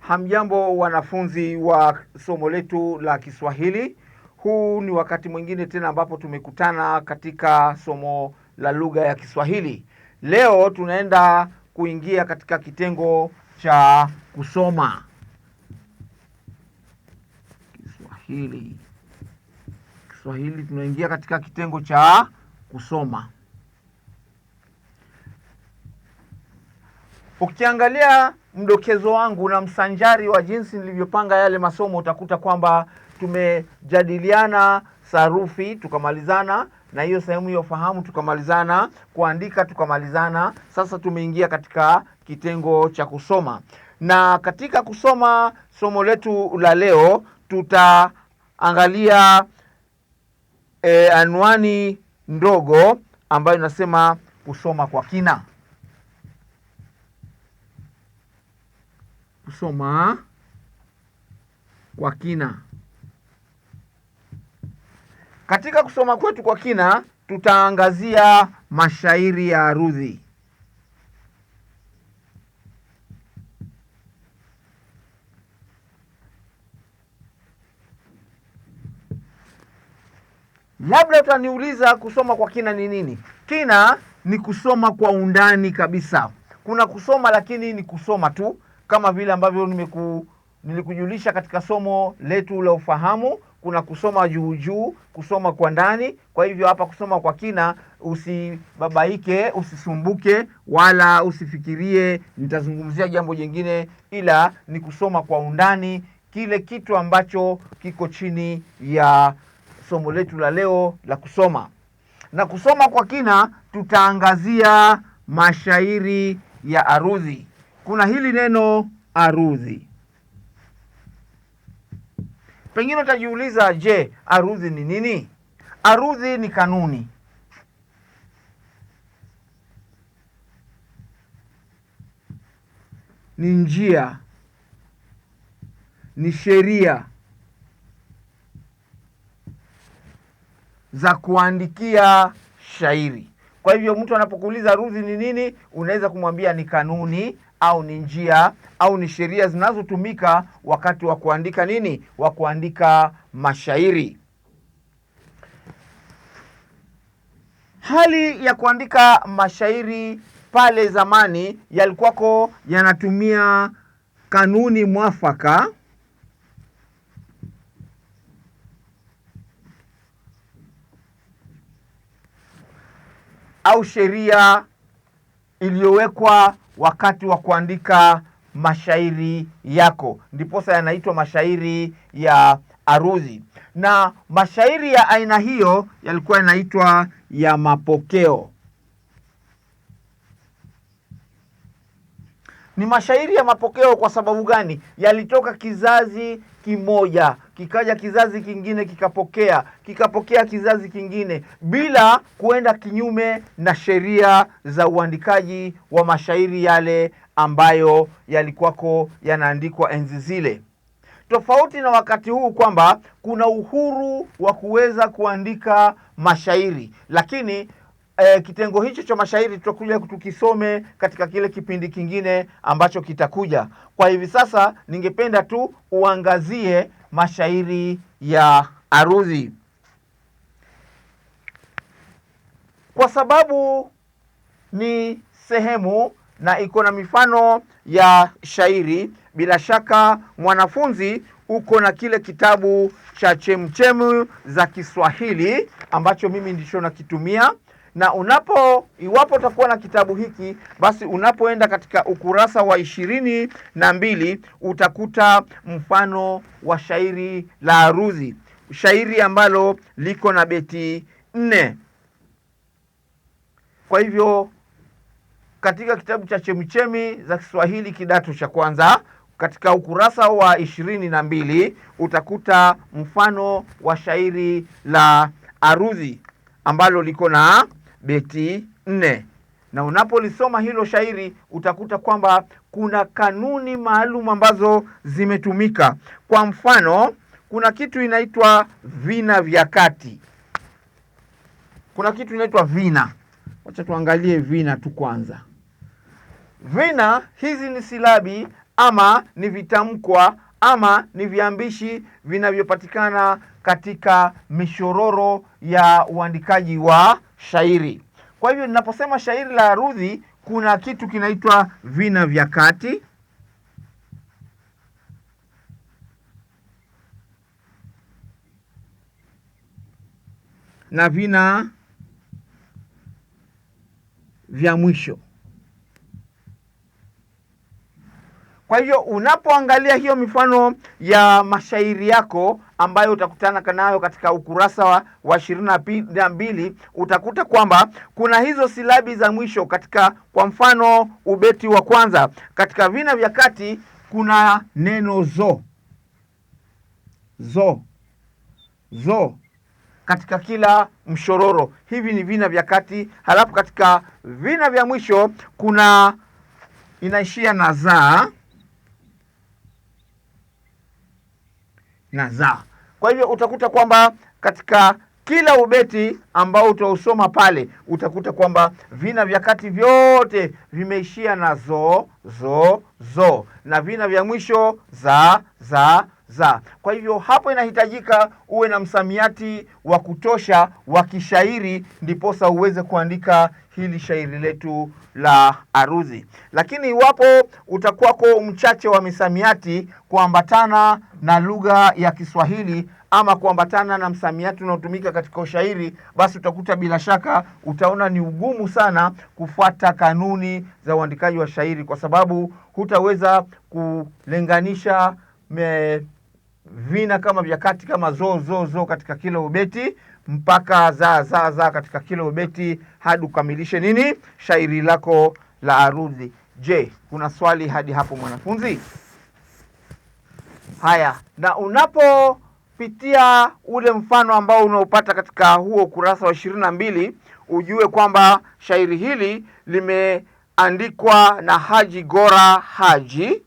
Hamjambo, wanafunzi wa somo letu la Kiswahili. Huu ni wakati mwingine tena ambapo tumekutana katika somo la lugha ya Kiswahili. Leo tunaenda kuingia katika kitengo cha kusoma Kiswahili. Kiswahili tunaingia katika kitengo cha kusoma. Ukiangalia mdokezo wangu na msanjari wa jinsi nilivyopanga yale masomo, utakuta kwamba tumejadiliana sarufi tukamalizana na hiyo sehemu ya ufahamu tukamalizana, kuandika tukamalizana. Sasa tumeingia katika kitengo cha kusoma, na katika kusoma somo letu la leo tutaangalia e, anwani ndogo ambayo inasema kusoma kwa kina. kusoma kwa kina. Katika kusoma kwetu kwa kina, tutaangazia mashairi ya Arudhi. Labda utaniuliza kusoma kwa kina ni nini? Kina ni kusoma kwa undani kabisa. Kuna kusoma lakini ni kusoma tu, kama vile ambavyo nimeku nilikujulisha katika somo letu la ufahamu kuna kusoma juu juu, kusoma kwa ndani. Kwa hivyo hapa kusoma kwa kina, usibabaike, usisumbuke, wala usifikirie nitazungumzia jambo jingine, ila ni kusoma kwa undani kile kitu ambacho kiko chini ya somo letu la leo la kusoma na kusoma kwa kina. Tutaangazia mashairi ya arudhi kuna hili neno arudhi. Pengine utajiuliza, je, arudhi ni nini? Arudhi ni kanuni. Ni njia, ni sheria za kuandikia shairi. Kwa hivyo mtu anapokuuliza arudhi ni nini, unaweza kumwambia ni kanuni au ni njia au ni sheria zinazotumika wakati wa kuandika nini, wa kuandika mashairi. Hali ya kuandika mashairi pale zamani yalikuwako yanatumia kanuni mwafaka au sheria iliyowekwa wakati wa kuandika mashairi yako, ndiposa yanaitwa mashairi ya aruzi. Na mashairi ya aina hiyo yalikuwa yanaitwa ya mapokeo. Ni mashairi ya mapokeo kwa sababu gani? Yalitoka kizazi kimoja, kikaja kizazi kingine kikapokea, kikapokea kizazi kingine, bila kuenda kinyume na sheria za uandikaji wa mashairi yale ambayo yalikuwako yanaandikwa enzi zile, tofauti na wakati huu kwamba kuna uhuru wa kuweza kuandika mashairi lakini e, kitengo hicho cha mashairi tutakuja tukisome katika kile kipindi kingine ambacho kitakuja. Kwa hivi sasa, ningependa tu uangazie mashairi ya Arudhi kwa sababu ni sehemu na iko na mifano ya shairi. Bila shaka mwanafunzi uko na kile kitabu cha chemchemu za Kiswahili ambacho mimi ndicho nakitumia na unapo iwapo utakuwa na kitabu hiki basi unapoenda katika ukurasa wa ishirini na mbili utakuta mfano wa shairi la aruzi, shairi ambalo liko na beti nne. Kwa hivyo katika kitabu cha Chemichemi za Kiswahili kidato cha kwanza katika ukurasa wa ishirini na mbili utakuta mfano wa shairi la aruzi ambalo liko na beti nne. Na unapolisoma hilo shairi utakuta kwamba kuna kanuni maalum ambazo zimetumika. Kwa mfano, kuna kitu inaitwa vina vya kati, kuna kitu inaitwa vina. Wacha tuangalie vina tu kwanza. Vina hizi ni silabi ama ni vitamkwa ama ni viambishi vinavyopatikana katika mishororo ya uandikaji wa shairi. Kwa hivyo ninaposema shairi la arudhi, kuna kitu kinaitwa vina vya kati na vina vya mwisho. Kwa hivyo unapoangalia hiyo mifano ya mashairi yako ambayo utakutana nayo katika ukurasa wa, wa ishirini na mbili utakuta kwamba kuna hizo silabi za mwisho katika, kwa mfano ubeti wa kwanza katika vina vya kati kuna neno zo zo zo katika kila mshororo. Hivi ni vina vya kati. Halafu katika vina vya mwisho kuna inaishia na zaa na za. Kwa hivyo utakuta kwamba katika kila ubeti ambao utausoma pale utakuta kwamba vina vya kati vyote vimeishia na zo zo zo, na vina vya mwisho za za za. Kwa hivyo hapo inahitajika uwe na msamiati wa kutosha wa kishairi, ndiposa uweze kuandika hili shairi letu la Aruzi. Lakini iwapo utakuwako mchache wa misamiati kuambatana na lugha ya Kiswahili ama kuambatana na msamiati unaotumika katika ushairi, basi utakuta bila shaka utaona ni ugumu sana kufuata kanuni za uandikaji wa shairi, kwa sababu hutaweza kulenganisha me vina kama vya kati kama zo zo zo katika kila ubeti mpaka za za za katika kila ubeti hadi ukamilishe nini shairi lako la arudhi. Je, kuna swali hadi hapo mwanafunzi? Haya, na unapopitia ule mfano ambao unaopata katika huo ukurasa wa ishirini na mbili ujue kwamba shairi hili limeandikwa na Haji Gora Haji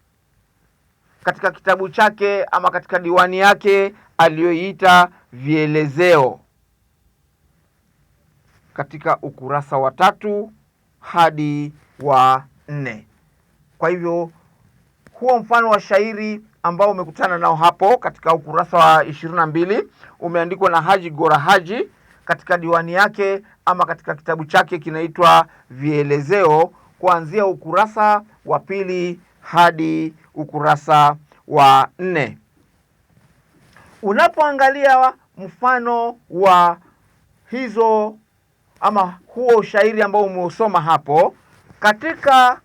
katika kitabu chake ama katika diwani yake aliyoiita vielezeo katika ukurasa wa tatu hadi wa nne. Kwa hivyo huo mfano wa shairi ambao umekutana nao hapo katika ukurasa wa ishirini na mbili umeandikwa na Haji Gora Haji katika diwani yake ama katika kitabu chake kinaitwa Vielezeo, kuanzia ukurasa wa pili hadi ukurasa wa nne. Unapoangalia mfano wa hizo ama huo ushairi ambao umeusoma hapo, katika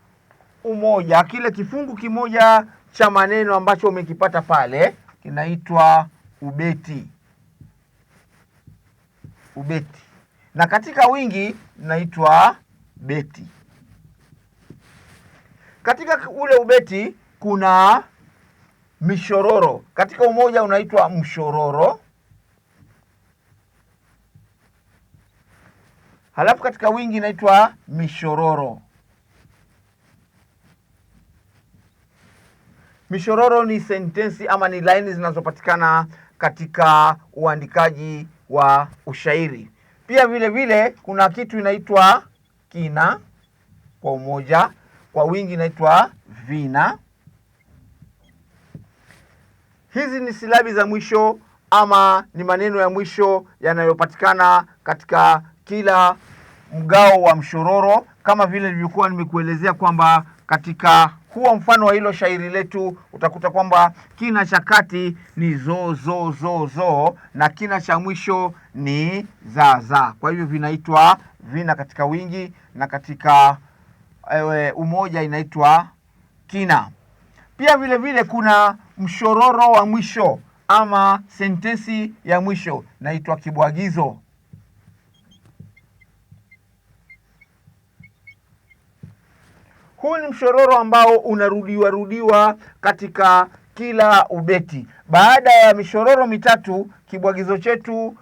umoja, kile kifungu kimoja cha maneno ambacho umekipata pale kinaitwa ubeti. Ubeti na katika wingi inaitwa beti. Katika ule ubeti kuna mishororo katika umoja unaitwa mshororo. Halafu katika wingi inaitwa mishororo. Mishororo ni sentensi ama ni laini zinazopatikana katika uandikaji wa ushairi. Pia vile vile kuna kitu inaitwa kina kwa umoja, kwa wingi inaitwa vina. Hizi ni silabi za mwisho ama ni maneno ya mwisho yanayopatikana katika kila mgao wa mshororo, kama vile nilivyokuwa nimekuelezea kwamba katika huo mfano wa hilo shairi letu utakuta kwamba kina cha kati ni zo zo zo zo na kina cha mwisho ni za za. Kwa hivyo vinaitwa vina katika wingi na katika ewe, umoja inaitwa kina. Pia vile vile kuna mshororo wa mwisho ama sentensi ya mwisho naitwa kibwagizo. Huu ni mshororo ambao unarudiwa rudiwa katika kila ubeti. Baada ya mishororo mitatu, kibwagizo chetu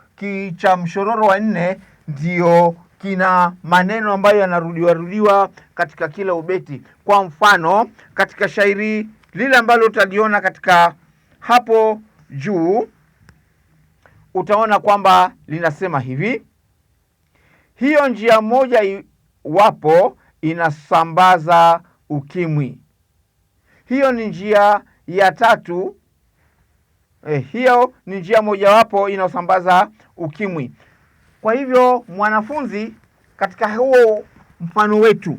cha mshororo wa nne ndio kina maneno ambayo yanarudiwarudiwa katika kila ubeti. Kwa mfano, katika shairi lile ambalo utaliona katika hapo juu utaona kwamba linasema hivi: hiyo njia moja iwapo inasambaza ukimwi. Hiyo ni njia ya tatu. Eh, hiyo ni njia mojawapo inayosambaza ukimwi. Kwa hivyo mwanafunzi, katika huo mfano wetu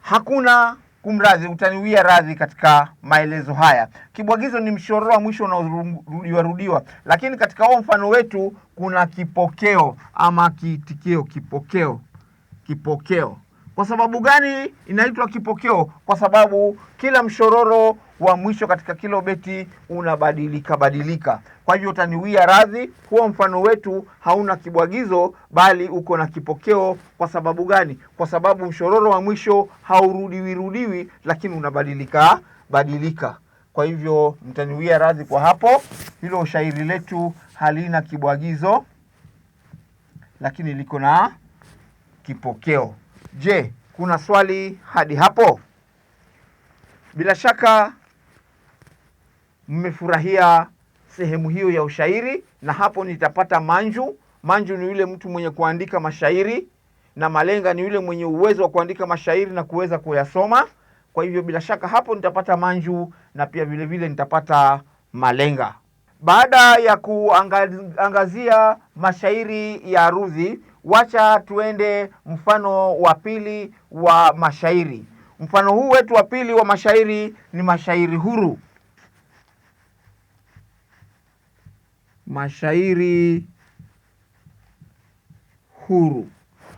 hakuna Kumradhi, utaniwia radhi katika maelezo haya. Kibwagizo ni mshororo wa mwisho unaorudiwa lakini katika huo mfano wetu kuna kipokeo ama kitikio. Kipokeo, kipokeo. Kwa sababu gani inaitwa kipokeo? Kwa sababu kila mshororo wa mwisho katika kila beti unabadilika badilika. Kwa hivyo utaniwia radhi, huo mfano wetu hauna kibwagizo, bali uko na kipokeo. Kwa sababu gani? Kwa sababu mshororo wa mwisho haurudiwirudiwi, lakini unabadilika badilika. Kwa hivyo mtaniwia radhi kwa hapo, hilo shairi letu halina kibwagizo, lakini liko na kipokeo. Je, kuna swali hadi hapo? Bila shaka mmefurahia sehemu hiyo ya ushairi, na hapo nitapata manju. Manju ni yule mtu mwenye kuandika mashairi, na malenga ni yule mwenye uwezo wa kuandika mashairi na kuweza kuyasoma. Kwa hivyo bila shaka hapo nitapata manju na pia vile vile nitapata malenga. Baada ya kuangazia mashairi ya arudhi, wacha tuende mfano wa pili wa mashairi. Mfano huu wetu wa pili wa mashairi ni mashairi huru. mashairi huru.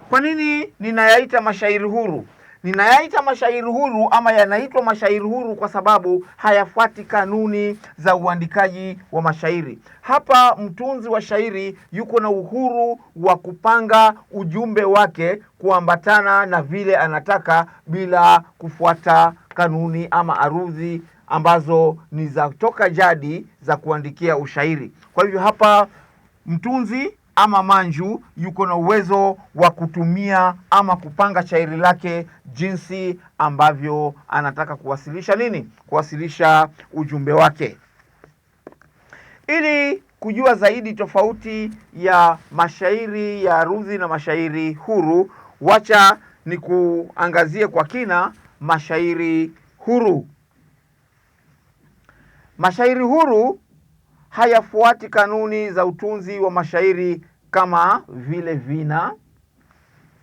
Kwa nini ninayaita mashairi huru? Ninayaita mashairi huru ama yanaitwa mashairi huru kwa sababu hayafuati kanuni za uandikaji wa mashairi. Hapa mtunzi wa shairi yuko na uhuru wa kupanga ujumbe wake kuambatana na vile anataka bila kufuata kanuni ama arudhi ambazo ni za toka jadi za kuandikia ushairi. Kwa hivyo hapa mtunzi ama manju yuko na uwezo wa kutumia ama kupanga shairi lake jinsi ambavyo anataka kuwasilisha nini, kuwasilisha ujumbe wake. Ili kujua zaidi tofauti ya mashairi ya ruzi na mashairi huru, wacha ni kuangazie kwa kina mashairi huru. Mashairi huru hayafuati kanuni za utunzi wa mashairi kama vile vina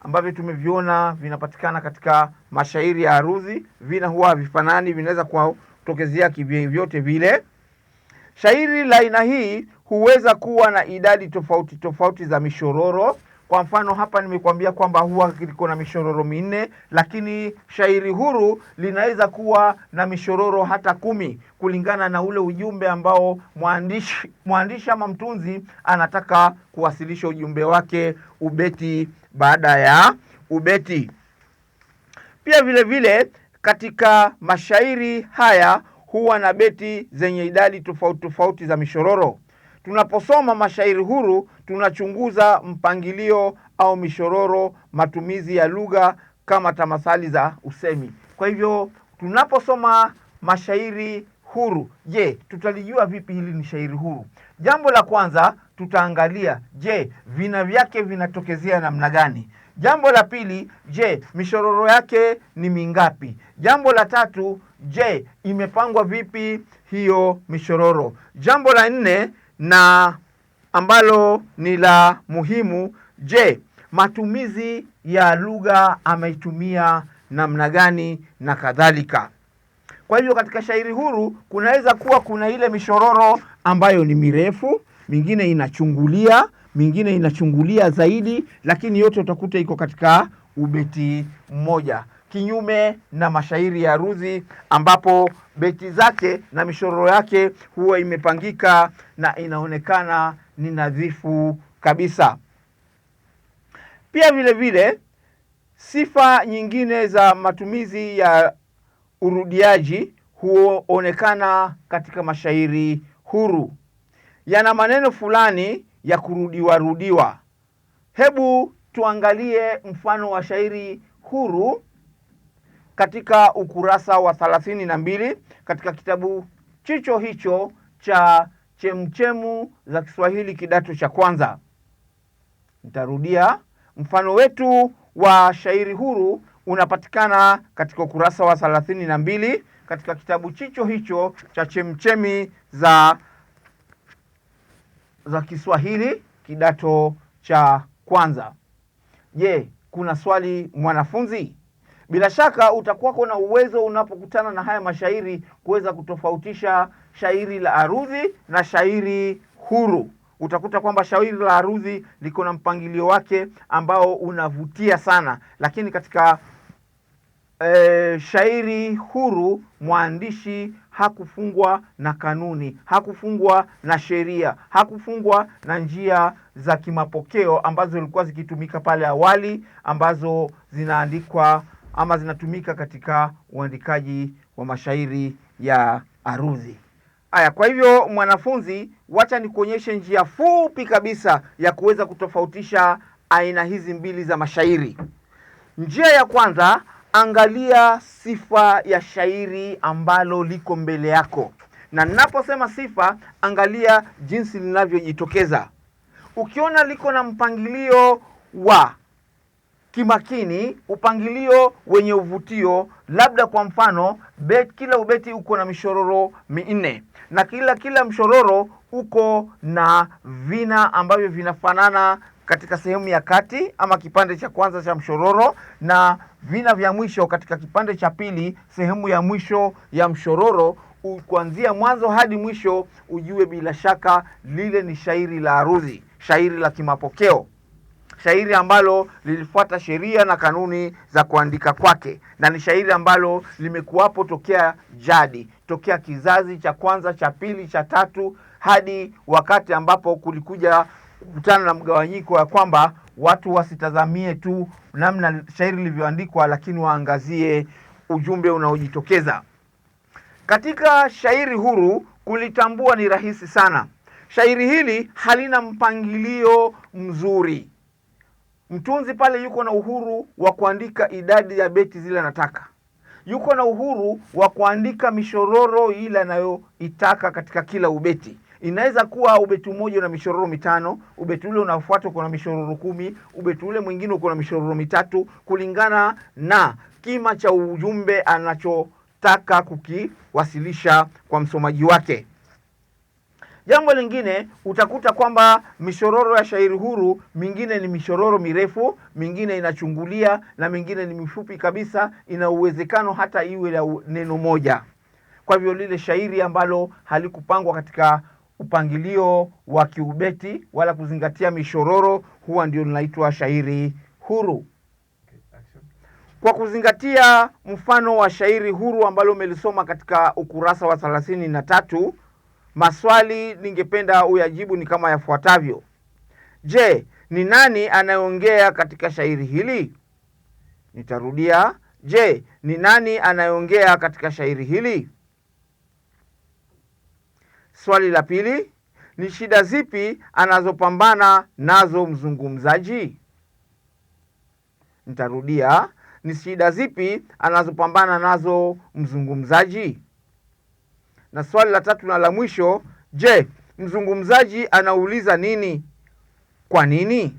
ambavyo tumeviona vinapatikana katika mashairi ya aruzi Vina huwa havifanani, vinaweza kutokezea kivyote vile. Shairi la aina hii huweza kuwa na idadi tofauti tofauti za mishororo. Kwa mfano hapa nimekuambia kwamba huwa liko na mishororo minne, lakini shairi huru linaweza kuwa na mishororo hata kumi kulingana na ule ujumbe ambao mwandishi mwandishi ama mtunzi anataka kuwasilisha ujumbe wake ubeti baada ya ubeti. Pia vile vile katika mashairi haya huwa na beti zenye idadi tofauti tofauti za mishororo. Tunaposoma mashairi huru, tunachunguza mpangilio au mishororo, matumizi ya lugha kama tamathali za usemi. Kwa hivyo tunaposoma mashairi huru, je, tutalijua vipi hili ni shairi huru? Jambo la kwanza tutaangalia, je, vina vyake vinatokezea namna gani? Jambo la pili, je, mishororo yake ni mingapi? Jambo la tatu, je, imepangwa vipi hiyo mishororo? Jambo la nne na ambalo ni la muhimu. Je, matumizi ya lugha ameitumia namna gani na kadhalika. Kwa hivyo katika shairi huru kunaweza kuwa kuna ile mishororo ambayo ni mirefu, mingine inachungulia, mingine inachungulia zaidi, lakini yote utakuta iko katika ubeti mmoja kinyume na mashairi ya Ruzi ambapo beti zake na mishororo yake huwa imepangika na inaonekana ni nadhifu kabisa. Pia vile vile sifa nyingine za matumizi ya urudiaji huonekana katika mashairi huru, yana maneno fulani ya kurudiwa rudiwa. Hebu tuangalie mfano wa shairi huru katika ukurasa wa thalathini na mbili katika kitabu chicho hicho cha Chemchemu za Kiswahili kidato cha kwanza. Nitarudia, mfano wetu wa shairi huru unapatikana katika ukurasa wa thelathini na mbili katika kitabu chicho hicho cha Chemchemi za za Kiswahili kidato cha kwanza. Je, kuna swali mwanafunzi? Bila shaka utakuwako na uwezo unapokutana na haya mashairi kuweza kutofautisha shairi la arudhi na shairi huru. Utakuta kwamba shairi la arudhi liko na mpangilio wake ambao unavutia sana, lakini katika e, shairi huru mwandishi hakufungwa na kanuni, hakufungwa na sheria, hakufungwa na njia za kimapokeo ambazo zilikuwa zikitumika pale awali ambazo zinaandikwa ama zinatumika katika uandikaji wa mashairi ya arudhi. Aya, kwa hivyo mwanafunzi, wacha nikuonyeshe njia fupi kabisa ya kuweza kutofautisha aina hizi mbili za mashairi. Njia ya kwanza, angalia sifa ya shairi ambalo liko mbele yako, na ninaposema sifa, angalia jinsi linavyojitokeza. Ukiona liko na mpangilio wa kimakini, upangilio wenye uvutio. Labda kwa mfano bet, kila ubeti uko na mishororo minne na kila kila mshororo uko na vina ambavyo vinafanana katika sehemu ya kati ama kipande cha kwanza cha mshororo na vina vya mwisho katika kipande cha pili, sehemu ya mwisho ya mshororo. Kuanzia mwanzo hadi mwisho, ujue bila shaka lile ni shairi la aruzi, shairi la kimapokeo shairi ambalo lilifuata sheria na kanuni za kuandika kwake, na ni shairi ambalo limekuwapo tokea jadi, tokea kizazi cha kwanza, cha pili, cha tatu hadi wakati ambapo kulikuja kukutana na mgawanyiko ya kwamba watu wasitazamie tu namna shairi lilivyoandikwa, lakini waangazie ujumbe unaojitokeza katika shairi huru. Kulitambua ni rahisi sana. Shairi hili halina mpangilio mzuri, Mtunzi pale yuko na uhuru wa kuandika idadi ya beti zile anataka, yuko na uhuru wa kuandika mishororo ile anayoitaka katika kila ubeti. Inaweza kuwa ubeti mmoja una mishororo mitano, ubeti ule unafuata uko na mishororo kumi, ubeti ule mwingine uko na mishororo mitatu, kulingana na kima cha ujumbe anachotaka kukiwasilisha kwa msomaji wake. Jambo lingine utakuta kwamba mishororo ya shairi huru mingine ni mishororo mirefu, mingine inachungulia na mingine ni mifupi kabisa, ina uwezekano hata iwe la neno moja. Kwa hivyo lile shairi ambalo halikupangwa katika upangilio wa kiubeti wala kuzingatia mishororo huwa ndio linaitwa shairi huru. Kwa kuzingatia mfano wa shairi huru ambalo umelisoma katika ukurasa wa thelathini na tatu Maswali ningependa uyajibu ni kama yafuatavyo: Je, ni nani anayeongea katika shairi hili? Nitarudia, je, ni nani anayeongea katika shairi hili? Swali la pili ni shida zipi anazopambana nazo mzungumzaji? Nitarudia, ni shida zipi anazopambana nazo mzungumzaji? Na swali la tatu na la mwisho, je, mzungumzaji anauliza nini? Kwa nini?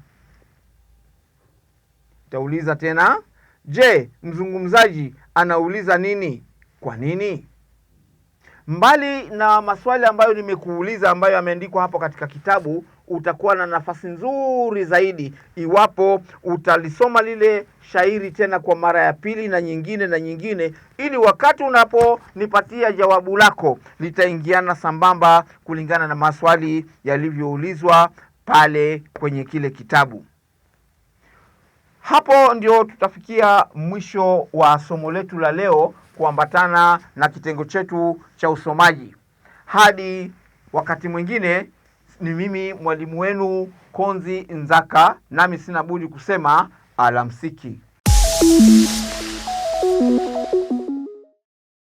Tauliza tena, je, mzungumzaji anauliza nini? Kwa nini? Mbali na maswali ambayo nimekuuliza ambayo yameandikwa hapo katika kitabu utakuwa na nafasi nzuri zaidi iwapo utalisoma lile shairi tena kwa mara ya pili na nyingine na nyingine, ili wakati unaponipatia jawabu lako litaingiana sambamba kulingana na maswali yalivyoulizwa pale kwenye kile kitabu. Hapo ndio tutafikia mwisho wa somo letu la leo kuambatana na kitengo chetu cha usomaji. Hadi wakati mwingine ni mimi mwalimu wenu Konzi Nzaka, nami sina budi kusema alamsiki.